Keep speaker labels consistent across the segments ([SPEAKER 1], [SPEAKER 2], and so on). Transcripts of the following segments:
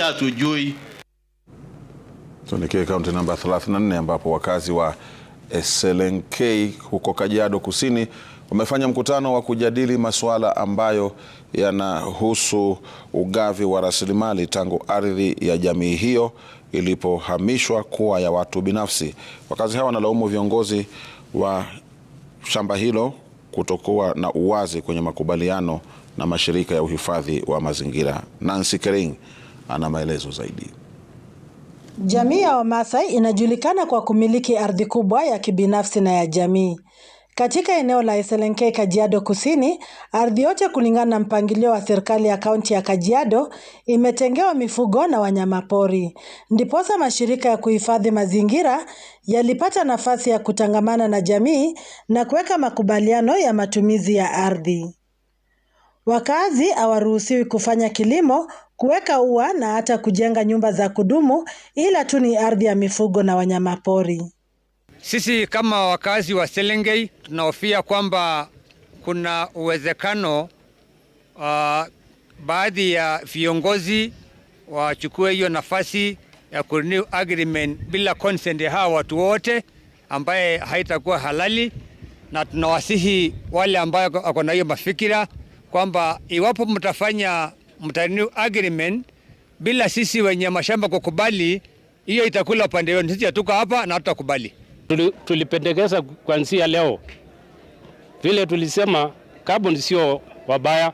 [SPEAKER 1] Hatujui.
[SPEAKER 2] Tuelekee kaunti namba 34 ambapo wakazi wa Eselenkei huko Kajiado Kusini wamefanya mkutano wa kujadili masuala ambayo yanahusu ugavi wa rasilimali tangu ardhi ya jamii hiyo ilipohamishwa kuwa ya watu binafsi. Wakazi hawa wanalaumu viongozi wa shamba hilo kutokuwa na uwazi kwenye makubaliano na mashirika ya uhifadhi wa mazingira. Nancy Kering ana maelezo zaidi.
[SPEAKER 3] Jamii ya Wamasai inajulikana kwa kumiliki ardhi kubwa ya kibinafsi na ya jamii. Katika eneo la eselenkei Kajiado Kusini, ardhi yote kulingana na mpangilio wa serikali ya kaunti ya Kajiado imetengewa mifugo na wanyamapori. Ndiposa mashirika ya kuhifadhi mazingira yalipata nafasi ya kutangamana na jamii na kuweka makubaliano ya matumizi ya ardhi. Wakazi hawaruhusiwi kufanya kilimo kuweka ua na hata kujenga nyumba za kudumu, ila tu ni ardhi ya mifugo na wanyamapori.
[SPEAKER 4] Sisi kama wakazi wa Selengei tunahofia kwamba kuna uwezekano uh, baadhi ya viongozi wachukue hiyo nafasi ya kurenew agreement bila consent ya hawa watu wote, ambaye haitakuwa halali, na tunawasihi wale ambao wako na hiyo mafikira kwamba iwapo mtafanya mtani agreement bila sisi wenye mashamba kukubali, hiyo itakula upande wenu. Sisi hatuko hapa na hatutakubali.
[SPEAKER 5] Tulipendekeza kuanzia leo, vile tulisema carbon sio wabaya,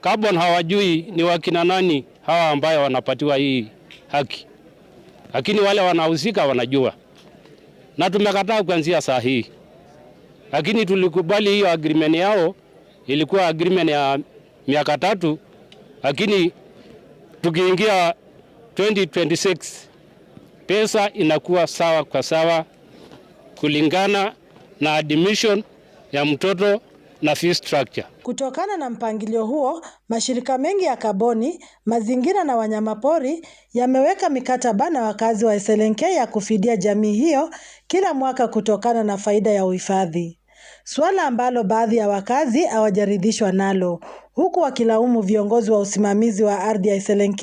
[SPEAKER 5] carbon hawajui ni wakina nani hawa ambayo wanapatiwa hii haki, lakini wale wanahusika wanajua, na tumekataa kuanzia saa hii, lakini tulikubali hiyo agreement yao, ilikuwa agreement ya miaka tatu, lakini tukiingia 2026 pesa inakuwa sawa kwa sawa kulingana na admission ya mtoto na fee structure.
[SPEAKER 3] Kutokana na mpangilio huo, mashirika mengi ya kaboni, mazingira na wanyamapori yameweka mikataba na wakazi wa Eselenke ya kufidia jamii hiyo kila mwaka kutokana na faida ya uhifadhi. Suala ambalo baadhi ya wakazi hawajaridhishwa nalo, huku wakilaumu viongozi wa usimamizi wa ardhi ya SLNK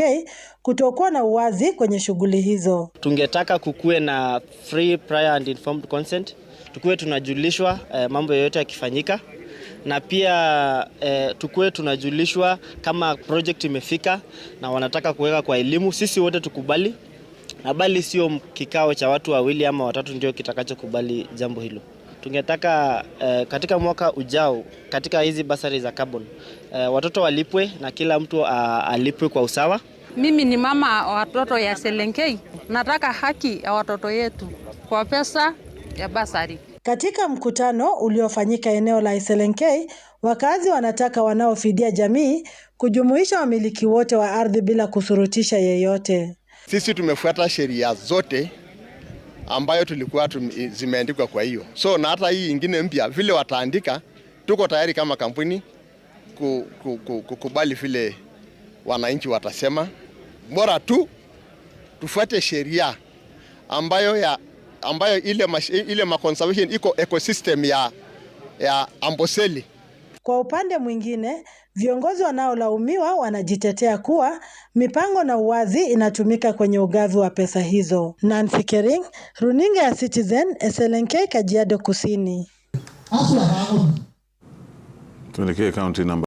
[SPEAKER 3] kutokuwa na uwazi kwenye shughuli hizo.
[SPEAKER 6] Tungetaka kukuwe na free prior and informed consent, tukuwe tunajulishwa eh, mambo yoyote yakifanyika na pia eh, tukuwe tunajulishwa kama project imefika na wanataka kuweka kwa elimu, sisi wote tukubali, na bali sio kikao cha watu wawili ama watatu ndio kitakachokubali jambo hilo tungetaka uh, katika mwaka ujao katika hizi basari za carbon uh, watoto walipwe na kila mtu uh, alipwe kwa usawa.
[SPEAKER 7] Mimi ni mama watoto ya Selenkei, nataka haki ya watoto yetu kwa pesa ya basari.
[SPEAKER 3] Katika mkutano uliofanyika eneo la Selenkei, wakazi wanataka wanaofidia jamii kujumuisha wamiliki wote wa ardhi bila kusurutisha yeyote.
[SPEAKER 8] Sisi tumefuata sheria zote ambayo tulikuwa zimeandikwa. Kwa hiyo so na hata hii ingine mpya vile wataandika, tuko tayari kama kampuni kukubali vile wananchi watasema, bora tu tufuate sheria ambayo, ya, ambayo ile, ma, ile ma conservation iko ecosystem ya, ya Amboseli.
[SPEAKER 3] Kwa upande mwingine Viongozi wanaolaumiwa wanajitetea kuwa mipango na uwazi inatumika kwenye ugavi wa pesa hizo. Nancy Kering, runinga ya Citizen, SLNK, Kajiado Kusini. Tuelekee kaunti namba